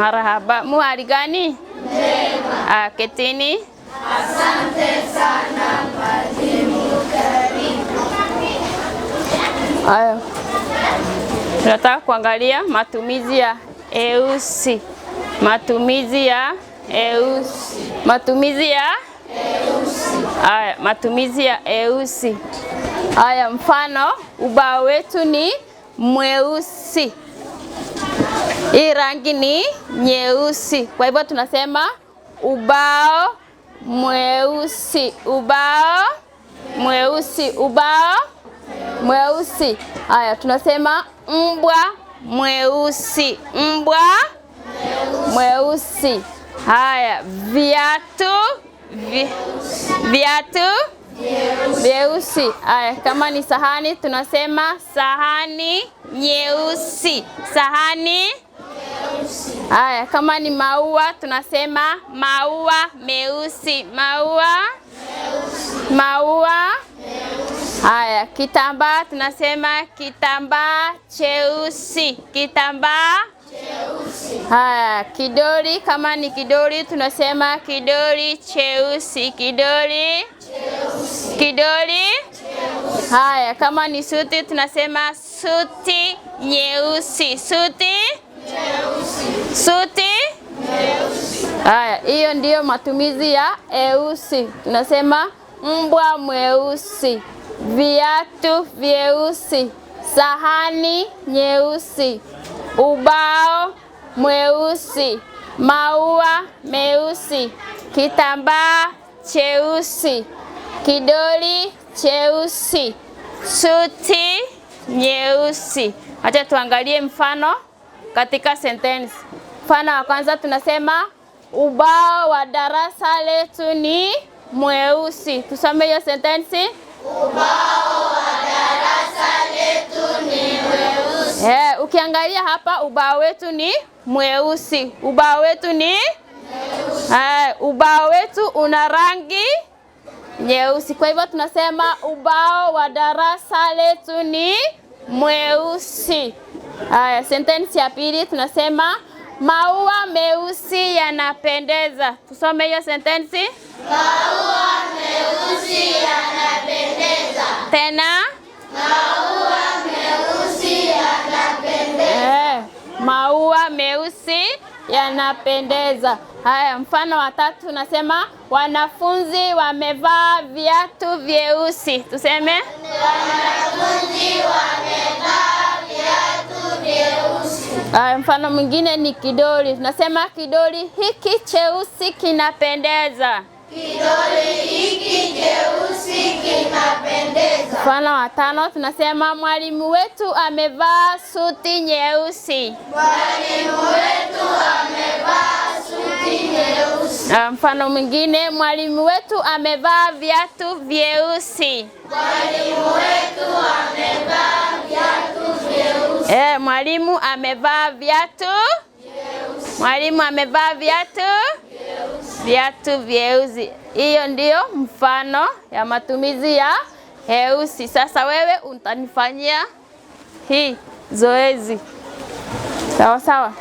Marahaba. Mu hali gani? Njema. Aketini. Ah, Asante sana mwalimu Karim. Haya. Tunataka kuangalia matumizi ya eusi. Matumizi ya eusi. Matumizi ya eusi. Haya, matumizi ya eusi. Haya, mfano ubao wetu ni mweusi. Hii rangi ni nyeusi, kwa hivyo tunasema ubao mweusi, ubao mweusi, ubao mweusi. Haya, tunasema mbwa mweusi, mbwa mweusi. Haya, viatu viatu vyeusi. Haya, kama ni sahani tunasema sahani nyeusi, sahani Haya, kama ni maua tunasema maua meusi, maua meusi, maua meusi. Haya, kitambaa tunasema kitambaa cheusi, kitambaa cheusi. Haya, kidoli, kama ni kidoli tunasema kidoli cheusi, kidoli cheusi, kidoli cheusi. Haya, kama ni suti tunasema suti nyeusi, suti Hiyo ndiyo matumizi ya eusi. Tunasema mbwa mweusi, viatu vyeusi, sahani nyeusi, ubao mweusi, maua meusi, kitambaa cheusi, kidoli cheusi, suti nyeusi. Acha tuangalie mfano katika sentensi. Mfano wa kwanza tunasema Ubao wa darasa letu ni mweusi. Tusome hiyo sentensi. Ubao wa darasa letu ni mweusi. Eh, ukiangalia hapa ubao wetu ni mweusi. Ubao wetu ni mweusi. Eh, ubao wetu una rangi nyeusi. Kwa hivyo tunasema ubao wa darasa letu ni mweusi. Aya, sentensi ya pili tunasema Maua meusi yanapendeza. Tusome hiyo sentensi. Maua meusi yanapendeza. Tena. Maua meusi yanapendeza. Eh, maua meusi yanapendeza. Haya, mfano wa tatu tunasema wanafunzi wamevaa viatu vyeusi. Tuseme wanafunzi wame Aya, ah, mfano mwingine ni kidoli. Tunasema kidoli hiki cheusi kinapendeza. Kidoli hiki cheusi kinapendeza. Mfano wa tano tunasema mwalimu wetu amevaa suti nyeusi. Mwalimu wetu amevaa suti nyeusi. Aya, ah, mfano mwingine mwalimu wetu amevaa viatu vyeusi. Mwalimu wetu amevaa Eh, mwalimu amevaa viatu vyeusi. Mwalimu amevaa viatu vyeusi. Viatu vyeusi. Hiyo ndiyo mfano ya matumizi ya heusi. Sasa wewe utanifanyia hii zoezi sawa sawa.